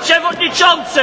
Przewodniczący!